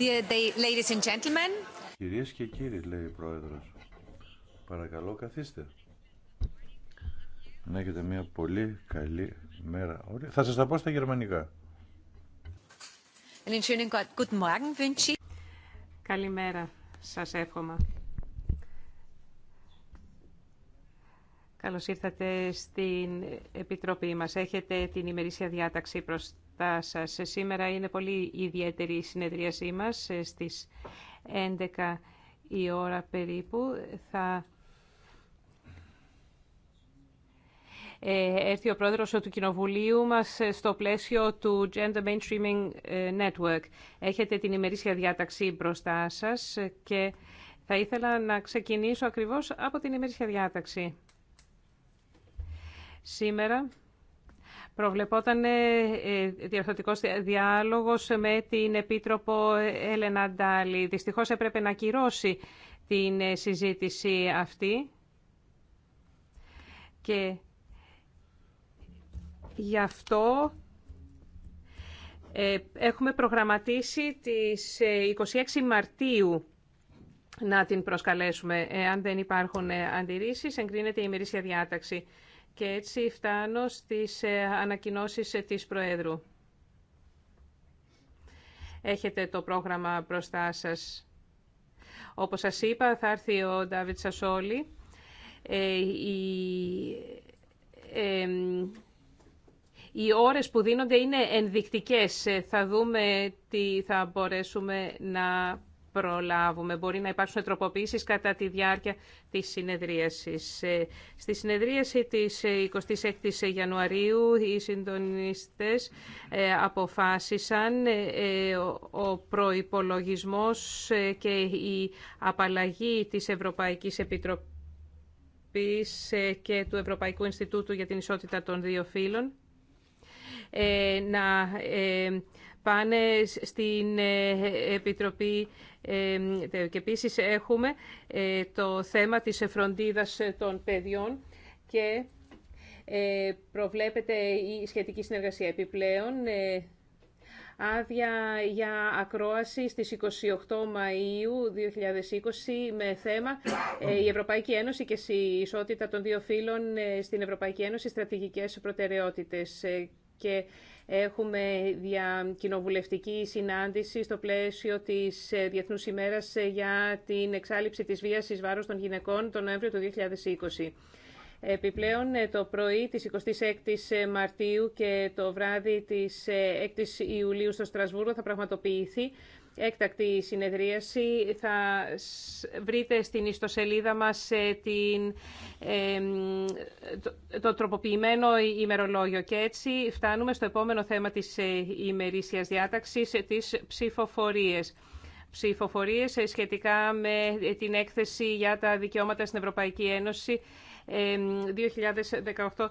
Dear Κυρίες και κύριοι, λέει η Πρόεδρος. Παρακαλώ, καθίστε. Να έχετε μια πολύ καλή μέρα. Θα σας τα πω στα γερμανικά. Καλημέρα. Σας εύχομαι. Καλώς ήρθατε στην Επιτροπή μας. Έχετε την ημερήσια διάταξη προς Σήμερα είναι πολύ ιδιαίτερη η συνεδρίασή μας ε, στις 11 η ώρα περίπου. Θα ε, έρθει ο πρόεδρος του Κοινοβουλίου μας ε, στο πλαίσιο του Gender Mainstreaming Network. Έχετε την ημερήσια διάταξη μπροστά σας και θα ήθελα να ξεκινήσω ακριβώς από την ημερήσια διάταξη. Σήμερα προβλεπόταν ε, διαρθωτικός διάλογος με την Επίτροπο Έλενα Ντάλη. Δυστυχώς έπρεπε να κυρώσει την ε, συζήτηση αυτή και γι' αυτό ε, έχουμε προγραμματίσει τις 26 Μαρτίου να την προσκαλέσουμε. Αν δεν υπάρχουν αντιρρήσεις, εγκρίνεται η ημερήσια διάταξη. Και έτσι φτάνω στις ε, ανακοινώσεις ε, της Προέδρου. Έχετε το πρόγραμμα μπροστά σας. Όπως σας είπα, θα έρθει ο Ντάβιτ Σασόλη. Ε, οι ώρες που δίνονται είναι ενδεικτικές. Θα δούμε τι θα μπορέσουμε να προλάβουμε. Μπορεί να υπάρξουν τροποποιήσεις κατά τη διάρκεια της συνεδρίασης. Ε, στη συνεδρίαση της 26ης ε, Ιανουαρίου οι συντονιστές ε, αποφάσισαν ο προϋπολογισμός και η απαλλαγή της Ευρωπαϊκής Επιτροπής και του Ευρωπαϊκού Ινστιτούτου για την Ισότητα των Δύο Φύλων να πάνε στην ε, Επιτροπή ε, και επίσης έχουμε ε, το θέμα της φροντίδας των παιδιών και προβλέπεται η σχετική συνεργασία επιπλέον. Άδεια για ακρόαση στις 28 Μαΐου 2020 με θέμα η Ευρωπαϊκή Ένωση και η ισότητα των δύο φύλων στην Ευρωπαϊκή Ένωση στρατηγικές προτεραιότητες. Και Έχουμε διακοινοβουλευτική συνάντηση στο πλαίσιο της ε, διεθνού ημέρας ε, για την εξάλληψη της βία ει βάρος των γυναικών τον Νοέμβριο του 2020. Επιπλέον, ε, το πρωί της 26ης Μαρτίου και το βράδυ της 6ης Ιουλίου στο Στρασβούργο θα πραγματοποιηθεί έκτακτη συνεδρίαση. Θα βρείτε στην ιστοσελίδα μας ε, την, το, το τροποποιημένο ημερολόγιο και έτσι φτάνουμε στο επόμενο θέμα της ε, ημερήσιας διάταξης, ε, τις ψηφοφορίες ψηφοφορίες σχετικά με την έκθεση για τα δικαιώματα στην Ευρωπαϊκή Ένωση 2018-2019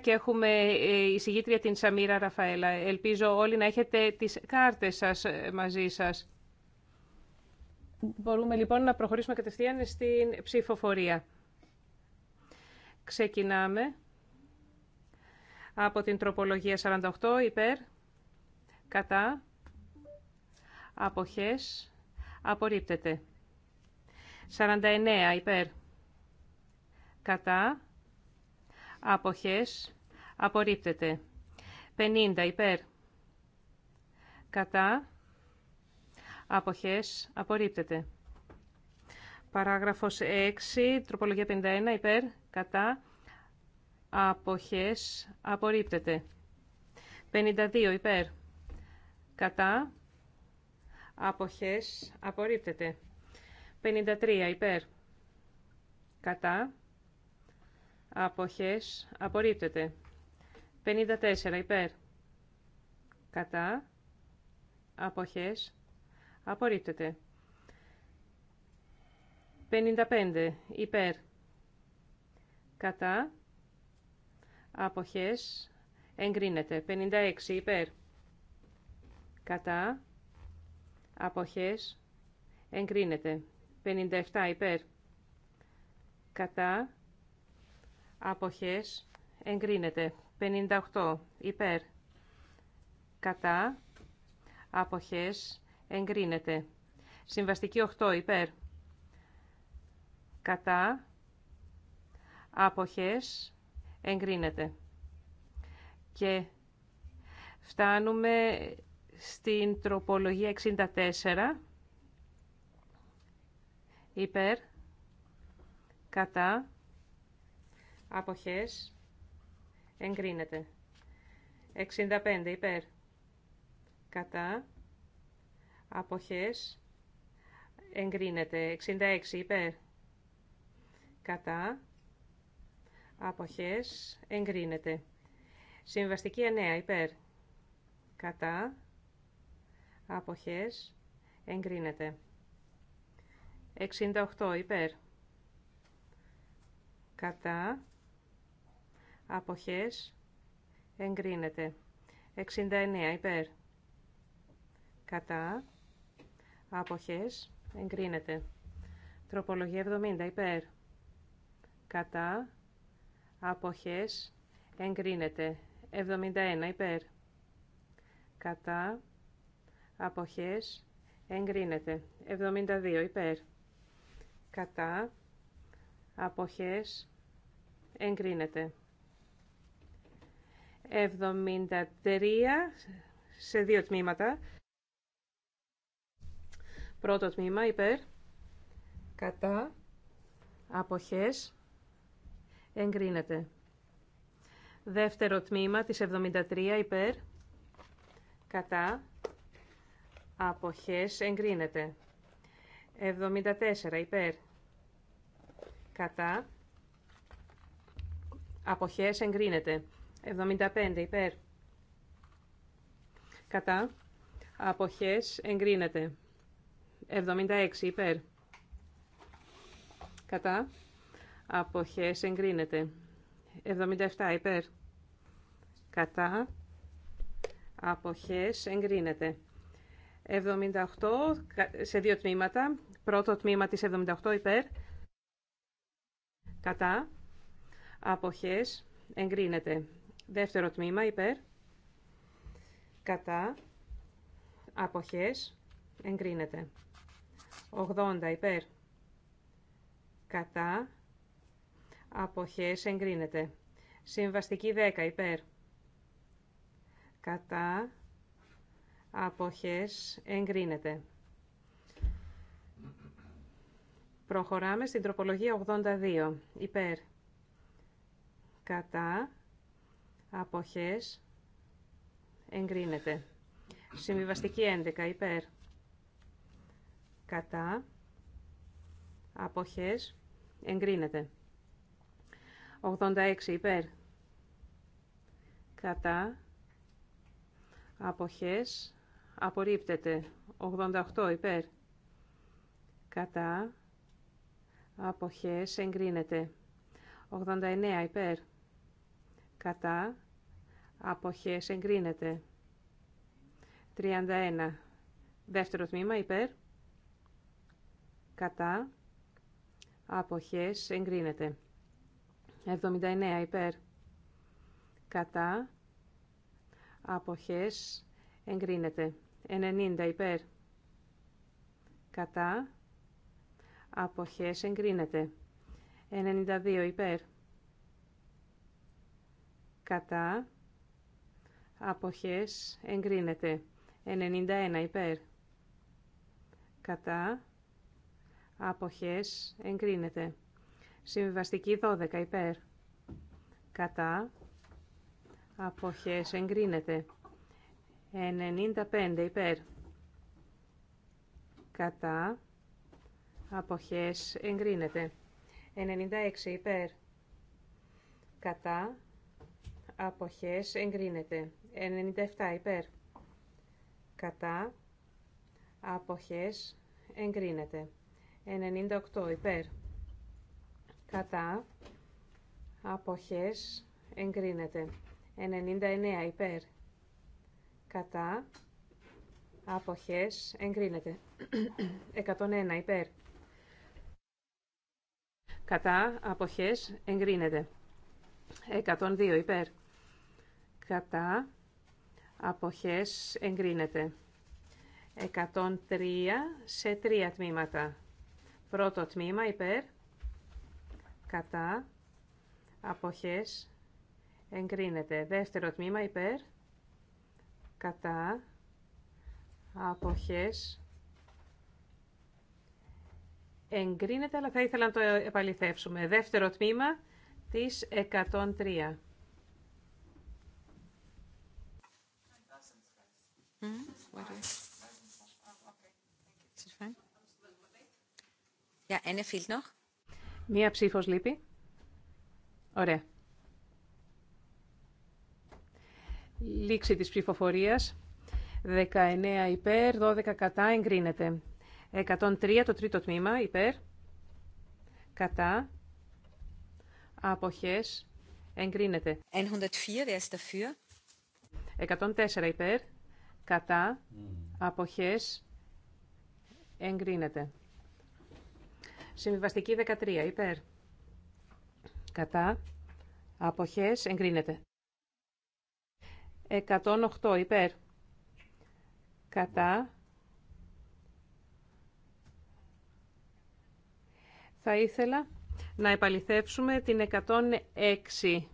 και έχουμε ε, εισηγήτρια την Σαμίρα Ραφαέλα. Ελπίζω όλοι να έχετε τις κάρτες σας ε, μαζί σας. Μπορούμε λοιπόν να προχωρήσουμε κατευθείαν στην ψηφοφορία. Ξεκινάμε από την τροπολογία 48 υπέρ, κατά, αποχές, απορρίπτεται. 49 υπέρ, κατά, αποχές, απορρίπτεται. 50 υπέρ, κατά, αποχές, απορρίπτεται. Παράγραφος 6, τροπολογία 51 υπέρ, κατά, αποχές, απορρίπτεται. 52 υπέρ, κατά, αποχές, απορρίπτεται. 53 υπέρ, κατά, Αποχές απορρίπτεται. 54 υπέρ. Κατά. Αποχές απορρίπτεται. 55 υπέρ. Κατά. Αποχές εγκρίνεται. 56 υπέρ. Κατά. Αποχές εγκρίνεται. 57 υπέρ. Κατά αποχές εγκρίνεται. 58 υπέρ κατά αποχές εγκρίνεται. Συμβαστική 8 υπέρ κατά αποχές εγκρίνεται. Και φτάνουμε στην τροπολογία 64 υπέρ κατά αποχές, εγκρίνεται. 65 υπέρ, κατά, αποχές, εγκρίνεται. 66 υπέρ, κατά, αποχές, εγκρίνεται. Συμβαστική 9 υπέρ, κατά, αποχές, εγκρίνεται. 68 υπέρ, κατά, αποχές, εγκρίνεται. 69 υπέρ, κατά, αποχές, εγκρίνεται. Τροπολογία 70 υπέρ, κατά, αποχές, εγκρίνεται. 71 υπέρ, κατά, αποχές, εγκρίνεται. 72 υπέρ, κατά, αποχές, εγκρίνεται. 73 σε δύο τμήματα. Πρώτο τμήμα υπέρ, κατά, αποχές, εγκρίνεται. Δεύτερο τμήμα της 73 υπέρ, κατά, αποχές, εγκρίνεται. 74 υπέρ, κατά, αποχές, εγκρίνεται. 75 υπέρ. Κατά. Αποχές εγκρίνεται. 76 υπέρ. Κατά. Αποχές εγκρίνεται. 77 υπέρ. Κατά. Αποχές εγκρίνεται. 78 σε δύο τμήματα. Πρώτο τμήμα της 78 υπέρ. Κατά. Αποχές εγκρίνεται. Δεύτερο τμήμα υπέρ. Κατά. Αποχές. Εγκρίνεται. 80 υπέρ. Κατά. Αποχές. Εγκρίνεται. Συμβαστική 10 υπέρ. Κατά. Αποχές. Εγκρίνεται. Προχωράμε στην τροπολογία 82. Υπέρ. Κατά. Αποχές. Εγκρίνεται. Συμβιβαστική 11 υπέρ. Κατά. Αποχές. Εγκρίνεται. 86 υπέρ. Κατά. Αποχές. Απορρίπτεται. 88 υπέρ. Κατά. Αποχές εγκρίνεται. 89 υπέρ. Κατά αποχές εγκρίνεται. 31. Δεύτερο τμήμα υπέρ. Κατά. Αποχές εγκρίνεται. 79 υπέρ. Κατά. Αποχές εγκρίνεται. 90 υπέρ. Κατά. Αποχές εγκρίνεται. 92 υπέρ. Κατά αποχές εγκρίνεται. 91 υπέρ. Κατά αποχές εγκρίνεται. Συμβιβαστική 12 υπέρ. Κατά αποχές εγκρίνεται. 95 υπέρ. Κατά αποχές εγκρίνεται. 96 υπέρ. Κατά αποχές εγκρίνεται. 97 υπέρ. Κατά. Αποχές. Εγκρίνεται. 98 υπέρ. Κατά. Αποχές. Εγκρίνεται. 99 υπέρ. Κατά. Αποχές. Εγκρίνεται. 101 υπέρ. Κατά. Αποχές. Εγκρίνεται. 102 υπέρ. Κατά αποχές εγκρίνεται. 103 σε τρία τμήματα. Πρώτο τμήμα υπέρ, κατά, αποχές, εγκρίνεται. Δεύτερο τμήμα υπέρ, κατά, αποχές, εγκρίνεται, αλλά θα ήθελα να το επαληθεύσουμε. Δεύτερο τμήμα της 103. Μία ψήφος λείπει. Ωραία. Λήξη της ψηφοφορίας. 19 υπέρ, 12 κατά, εγκρίνεται. 103 το τρίτο τμήμα, υπέρ, κατά, αποχές, εγκρίνεται. 104, wer 104 υπέρ, κατά, mm. αποχές, εγκρίνεται. Συμβιβαστική 13, υπέρ, κατά, αποχές, εγκρίνεται. 108, υπέρ, κατά, θα ήθελα να επαληθεύσουμε την 106,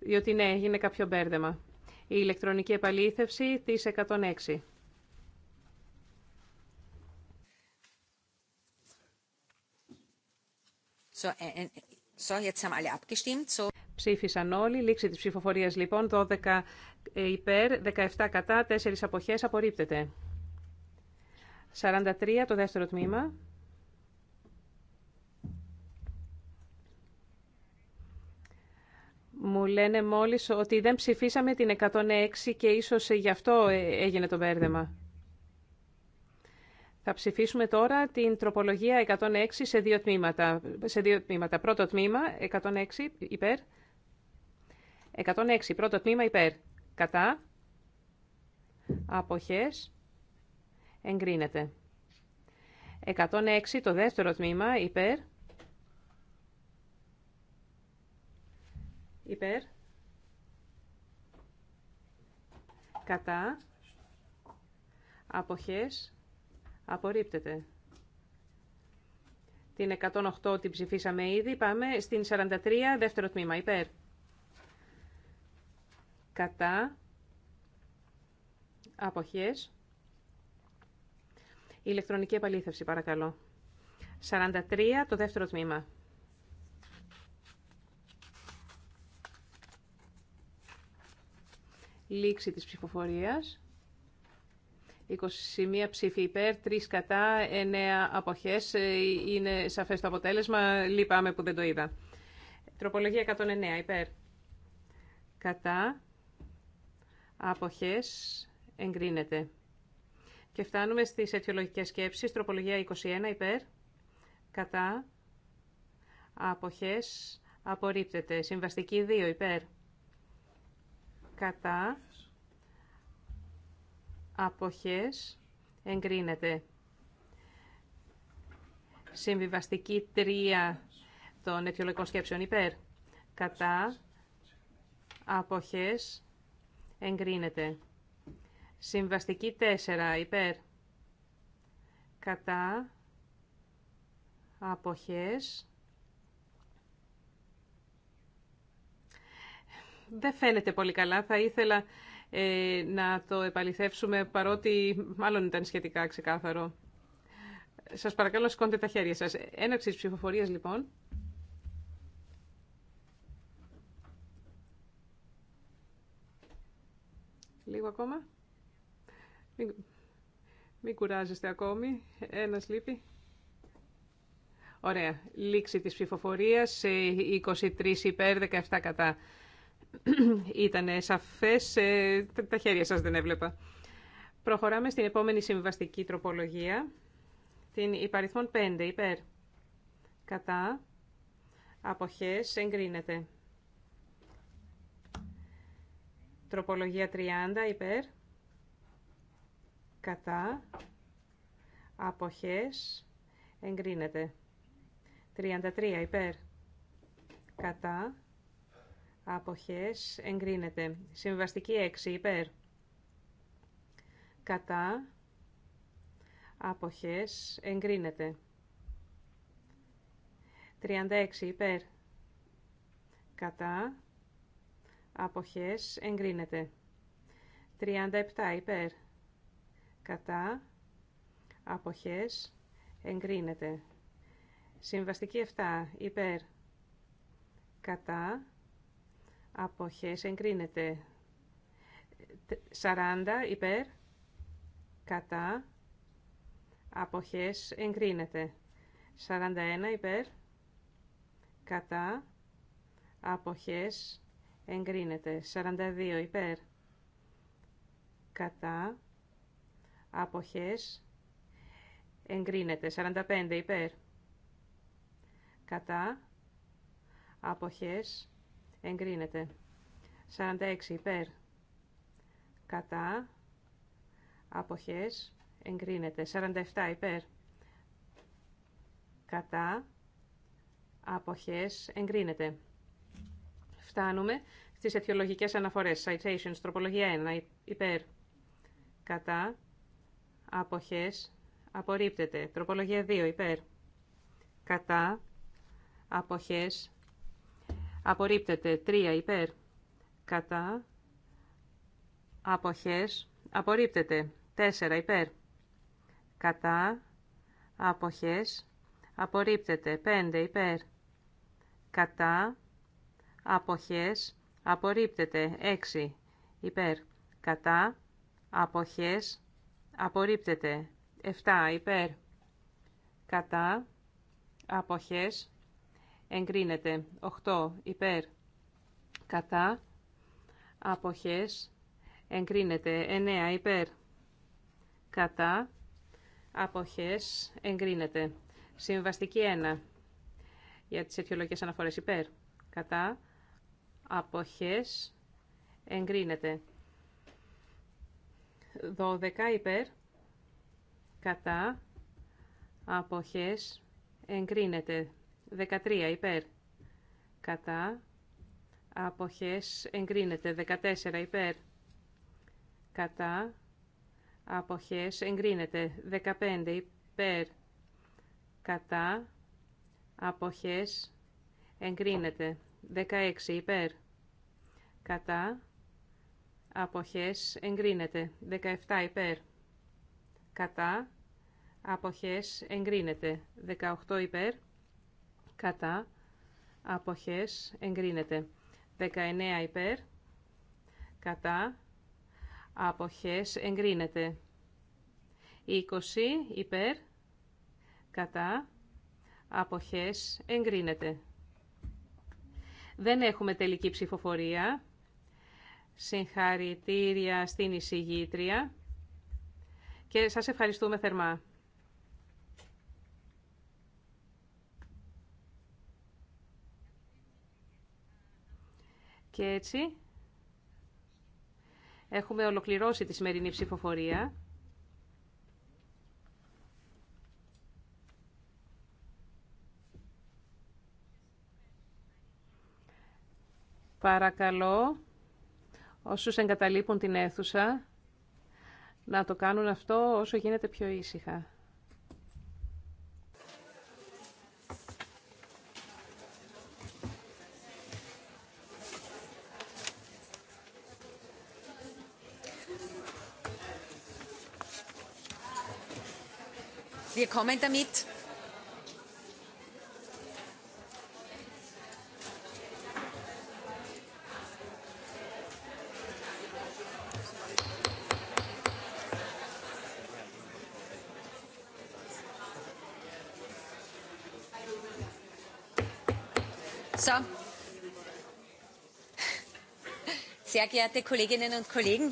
διότι ναι, έγινε κάποιο μπέρδεμα η ηλεκτρονική επαλήθευση της 106. Äh, äh, so, jetzt haben alle abgestimmt. So. Ψήφισαν όλοι. Λήξη της ψηφοφορίας λοιπόν. 12 ε, υπέρ, 17 κατά, 4 αποχές. Απορρίπτεται. 43 το δεύτερο τμήμα. Μου λένε μόλις ότι δεν ψηφίσαμε την 106 και ίσως γι' αυτό ε, έγινε το μπέρδεμα. Θα ψηφίσουμε τώρα την τροπολογία 106 σε δύο τμήματα. Σε δύο τμήματα. Πρώτο τμήμα, 106 υπέρ. 106, πρώτο τμήμα υπέρ. Κατά. Αποχές. Εγκρίνεται. 106, το δεύτερο τμήμα υπέρ. υπέρ, κατά, αποχές, απορρίπτεται. Την 108 την ψηφίσαμε ήδη, πάμε στην 43, δεύτερο τμήμα, υπέρ, κατά, αποχές, ηλεκτρονική επαλήθευση παρακαλώ. 43, το δεύτερο τμήμα. Λήξη της ψηφοφορίας. 21 ψήφοι υπέρ, 3 κατά, 9 αποχές. Ε, είναι σαφές το αποτέλεσμα. Λυπάμαι που δεν το είδα. Τροπολογία 109 υπέρ. Κατά. Αποχές. Εγκρίνεται. Και φτάνουμε στις αιτιολογικές σκέψεις. Τροπολογία 21 υπέρ. Κατά. Αποχές. Απορρίπτεται. Συμβαστική 2 υπέρ κατά αποχές εγκρίνεται. Συμβιβαστική τρία των αιτιολογικών σκέψεων υπέρ κατά αποχές εγκρίνεται. Συμβαστική τέσσερα υπέρ κατά αποχές δεν φαίνεται πολύ καλά. Θα ήθελα ε, να το επαληθεύσουμε παρότι μάλλον ήταν σχετικά ξεκάθαρο. Σας παρακαλώ σηκώντε τα χέρια σας. Έναρξη της ψηφοφορίας λοιπόν. Λίγο ακόμα. Μην, κουράζεστε ακόμη. Ένας λείπει. Ωραία. Λήξη της ψηφοφορίας. 23 ε, υπέρ, 17 κατά. Ήταν σαφές, ε, τα χέρια σας δεν έβλεπα. Προχωράμε στην επόμενη συμβαστική τροπολογία, την υπαριθμόν 5, υπέρ. Κατά, αποχές, εγκρίνεται. Τροπολογία 30, υπέρ. Κατά, αποχές, εγκρίνεται. 33, υπέρ. Κατά, Αποχές εγκρίνεται. Συμβαστική 6 υπέρ. Κατά. Αποχές εγκρίνεται. 36 υπέρ. Κατά. Αποχές εγκρίνεται. 37 υπέρ. Κατά. Αποχές εγκρίνεται. Συμβαστική 7 υπέρ. Κατά αποχές εγκρίνεται. 40 υπέρ, κατά, αποχές εγκρίνεται. 41 υπέρ, κατά, αποχές εγκρίνεται. 42 υπέρ, κατά, αποχές εγκρίνεται. 45 υπέρ, κατά, αποχές εγκρίνεται. 46 υπέρ κατά αποχές εγκρίνεται. 47 υπέρ κατά αποχές εγκρίνεται. Φτάνουμε στις αιτιολογικές αναφορές. Citations, τροπολογία 1 υπέρ κατά αποχές απορρίπτεται. Τροπολογία 2 υπέρ κατά αποχές Απορρίπτεται. 3 υπέρ. Κατά. Αποχές. Απορρίπτεται. 4 υπέρ. Κατά. Αποχές. Απορρίπτεται. 5 υπέρ. Κατά. Αποχές. Απορρίπτεται. 6 υπέρ. Κατά. Αποχές. Απορρίπτεται. 7 υπέρ. Κατά. Αποχές εγκρίνεται. 8 υπέρ κατά αποχές εγκρίνεται. 9 υπέρ κατά αποχές εγκρίνεται. Συμβαστική 1 για τις αιτιολογικές αναφορές υπέρ κατά αποχές εγκρίνεται. 12 υπέρ κατά αποχές εγκρίνεται. 13 υπέρ. Κατά. Αποχές εγκρίνεται. 14 υπέρ. Κατά. Αποχές εγκρίνεται. 15 υπέρ. Κατά. Αποχές εγκρίνεται. 16 υπέρ. Κατά. Αποχές εγκρίνεται. 17 υπέρ. Κατά. Αποχές εγκρίνεται. 18 υπέρ κατά, αποχές, εγκρίνεται. 19 υπέρ, κατά, αποχές, εγκρίνεται. 20 υπέρ, κατά, αποχές, εγκρίνεται. Δεν έχουμε τελική ψηφοφορία. Συγχαρητήρια στην εισηγήτρια και σας ευχαριστούμε θερμά. Και έτσι έχουμε ολοκληρώσει τη σημερινή ψηφοφορία. Παρακαλώ όσους εγκαταλείπουν την αίθουσα να το κάνουν αυτό όσο γίνεται πιο ήσυχα. kommen damit? Sehr geehrte Kolleginnen und Kollegen,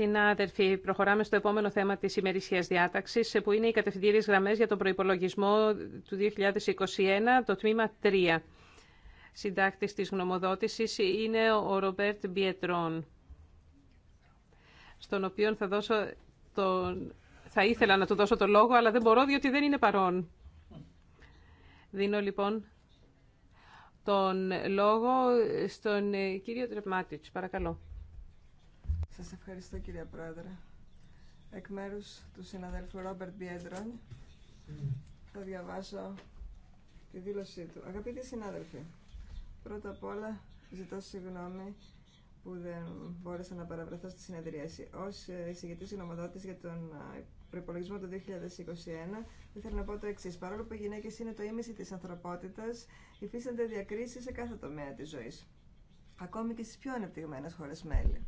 Συνάδελφοι, προχωράμε στο επόμενο θέμα της ημερησίας διάταξης, που είναι οι κατευθυντήριες γραμμές για τον προϋπολογισμό του 2021, το τμήμα 3. Συντάκτης της γνωμοδότησης είναι ο Ρομπέρτ Μπιετρών, στον οποίο θα, ήθελα να του δώσω το λόγο, αλλά δεν μπορώ διότι δεν είναι παρόν. Δίνω λοιπόν τον λόγο στον κύριο Τρεπμάτιτς, Παρακαλώ. Σας ευχαριστώ κυρία Πρόεδρε. Εκ μέρους του συναδέλφου Ρόμπερτ Μπιέντρον θα διαβάσω τη δήλωσή του. Αγαπητοί συνάδελφοι, πρώτα απ' όλα ζητώ συγγνώμη που δεν μπόρεσα να παραβρεθώ στη συνεδρίαση. Ω εισηγητή γνωμοδότη για τον προπολογισμό του 2021, ήθελα να πω το εξή. Παρόλο που οι γυναίκε είναι το ίμιση τη ανθρωπότητα, υφίστανται διακρίσει σε κάθε τομέα τη ζωή. Ακόμη και στι πιο ανεπτυγμένε χώρε μέλη.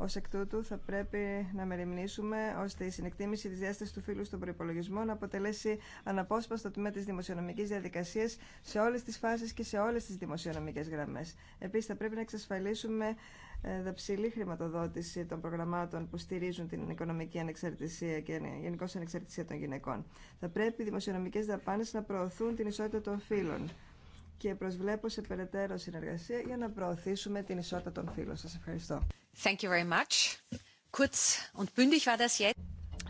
Ω εκ τούτου θα πρέπει να μεριμνήσουμε ώστε η συνεκτίμηση τη διάσταση του φύλου στον προπολογισμό να αποτελέσει αναπόσπαστο τμήμα τη δημοσιονομική διαδικασία σε όλε τι φάσει και σε όλε τι δημοσιονομικέ γραμμέ. Επίση, θα πρέπει να εξασφαλίσουμε ε, δαψιλή χρηματοδότηση των προγραμμάτων που στηρίζουν την οικονομική ανεξαρτησία και γενικώ ανεξαρτησία των γυναικών. Θα πρέπει οι δημοσιονομικέ δαπάνε να προωθούν την ισότητα των φύλων και προσβλέπω σε περαιτέρω συνεργασία για να προωθήσουμε την ισότητα των φύλων. Σα ευχαριστώ.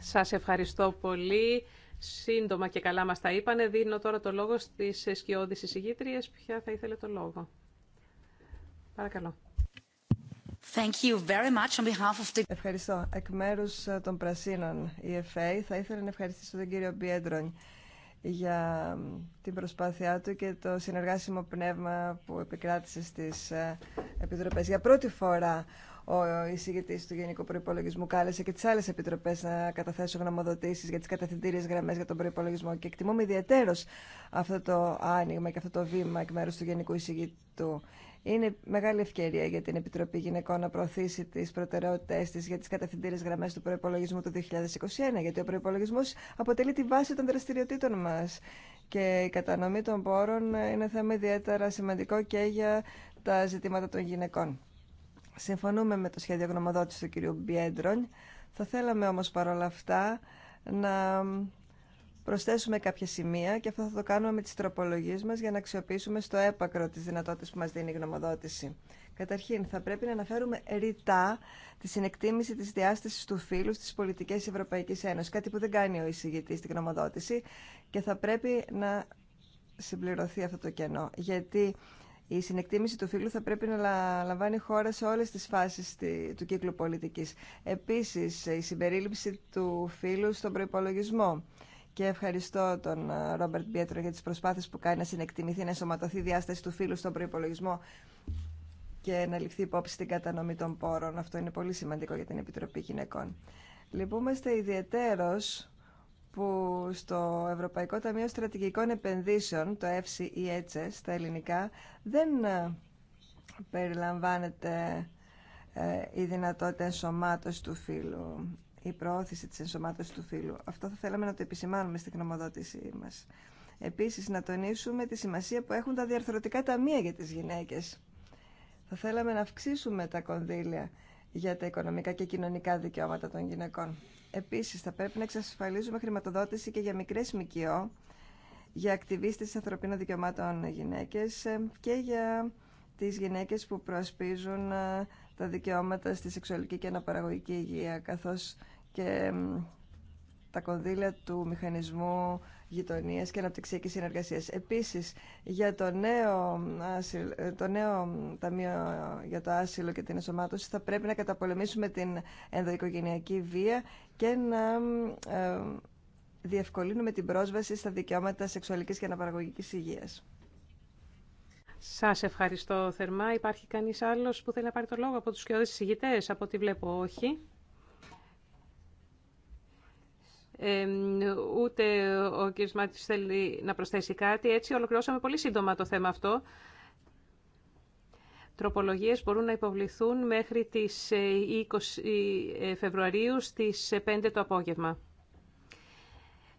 Σας ευχαριστώ πολύ. Σύντομα και καλά μας τα είπανε. Δίνω τώρα το λόγο στις σκιώδεις εισηγήτριες. Ποια θα ήθελε το λόγο. Παρακαλώ. Thank Ευχαριστώ. Εκ μέρους ε, των Πρασίνων η EFA θα ήθελα να ευχαριστήσω τον κύριο Μπιέντρον για την προσπάθειά του και το συνεργάσιμο πνεύμα που επικράτησε στις ε, Επιτροπές. Για πρώτη φορά ο εισηγητή του Γενικού Προπολογισμού κάλεσε και τι άλλε επιτροπέ να καταθέσουν γνωμοδοτήσει για τι κατευθυντήριε γραμμέ για τον προπολογισμό. Και εκτιμούμε ιδιαίτερω αυτό το άνοιγμα και αυτό το βήμα εκ μέρου του Γενικού Εισηγητού. Είναι μεγάλη ευκαιρία για την Επιτροπή Γυναικών να προωθήσει τι προτεραιότητέ τη για τι κατευθυντήριε γραμμέ του προπολογισμού του 2021, γιατί ο προπολογισμό αποτελεί τη βάση των δραστηριοτήτων μα. Και η κατανομή των πόρων είναι θέμα ιδιαίτερα σημαντικό και για τα ζητήματα των γυναικών. Συμφωνούμε με το σχέδιο γνωμοδότηση του κυρίου Μπιέντρον. Θα θέλαμε όμως παρόλα αυτά να προσθέσουμε κάποια σημεία και αυτό θα το κάνουμε με τις τροπολογίες μας για να αξιοποιήσουμε στο έπακρο τις δυνατότητες που μας δίνει η γνωμοδότηση. Καταρχήν, θα πρέπει να αναφέρουμε ρητά τη συνεκτίμηση τη διάσταση του φύλου στι πολιτικέ Ευρωπαϊκή Ένωση, κάτι που δεν κάνει ο εισηγητή στην γνωμοδότηση και θα πρέπει να συμπληρωθεί αυτό το κενό. Γιατί η συνεκτίμηση του φίλου θα πρέπει να λαμβάνει χώρα σε όλες τις φάσεις του κύκλου πολιτικής. Επίσης, η συμπερίληψη του φίλου στον προϋπολογισμό. Και ευχαριστώ τον ε, Ρόμπερτ Μπιέτρο για τις προσπάθειες που κάνει να συνεκτιμηθεί, να ενσωματωθεί η διάσταση του φίλου στον προϋπολογισμό και να ληφθεί υπόψη την κατανομή των πόρων. Αυτό είναι πολύ σημαντικό για την Επιτροπή Γυναικών. Λυπούμαστε ιδιαιτέρως που στο Ευρωπαϊκό Ταμείο Στρατηγικών Επενδύσεων, το ΕΦΣΙ ή στα ελληνικά, δεν ε, περιλαμβάνεται ε, η δυνατότητα ενσωμάτωση του φύλου, η προώθηση της ενσωμάτωσης του φύλου. Αυτό θα θέλαμε να το επισημάνουμε στην γνωμοδότησή μας. Επίσης, να τονίσουμε τη σημασία που έχουν τα διαρθρωτικά ταμεία για τις γυναίκες. Θα θέλαμε να αυξήσουμε τα κονδύλια για τα οικονομικά και κοινωνικά δικαιώματα των γυναικών. Επίσης, θα πρέπει να εξασφαλίζουμε χρηματοδότηση και για μικρές ΜΚΟ, για ακτιβίστες ανθρωπίνων δικαιωμάτων γυναίκες ε, και για τις γυναίκες που προασπίζουν ε, τα δικαιώματα στη σεξουαλική και αναπαραγωγική υγεία, καθώς και τα κονδύλια του Μηχανισμού Γειτονία και Αναπτυξιακή Συνεργασία. Επίση, για το νέο, το νέο Ταμείο για το Άσυλο και την εσωμάτωση θα πρέπει να καταπολεμήσουμε την ενδοοικογενειακή βία και να ε, διευκολύνουμε την πρόσβαση στα δικαιώματα σεξουαλική και αναπαραγωγική υγεία. Σας ευχαριστώ θερμά. Υπάρχει κανείς άλλος που θέλει να πάρει το λόγο από τους κοιόδες συζητητές, από ό,τι βλέπω όχι ούτε ο κ. Μάτης θέλει να προσθέσει κάτι. Έτσι ολοκληρώσαμε πολύ σύντομα το θέμα αυτό. Τροπολογίες μπορούν να υποβληθούν μέχρι τις 20 ε, ε, Φεβρουαρίου στις 5 ε, το απόγευμα.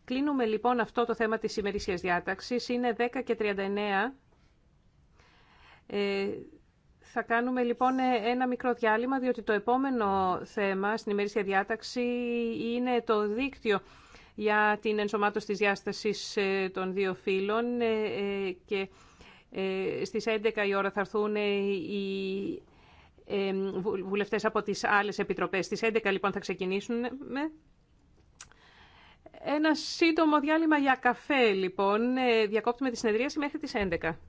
Κλείνουμε λοιπόν αυτό το θέμα της ημερήσιας διάταξης. Είναι 10 και 39. Θα κάνουμε λοιπόν ε, ένα μικρό διάλειμμα, διότι το επόμενο θέμα στην ημερήσια διάταξη είναι το δίκτυο για την ενσωμάτωση της διάστασης ε, των δύο φύλων ε, και στις 11 η ώρα θα έρθουν οι βουλευτές από τις άλλες επιτροπές. Στις 11 λοιπόν θα ξεκινήσουμε. με ένα σύντομο διάλειμμα για καφέ λοιπόν. Διακόπτουμε τη συνεδρίαση μέχρι τις 11.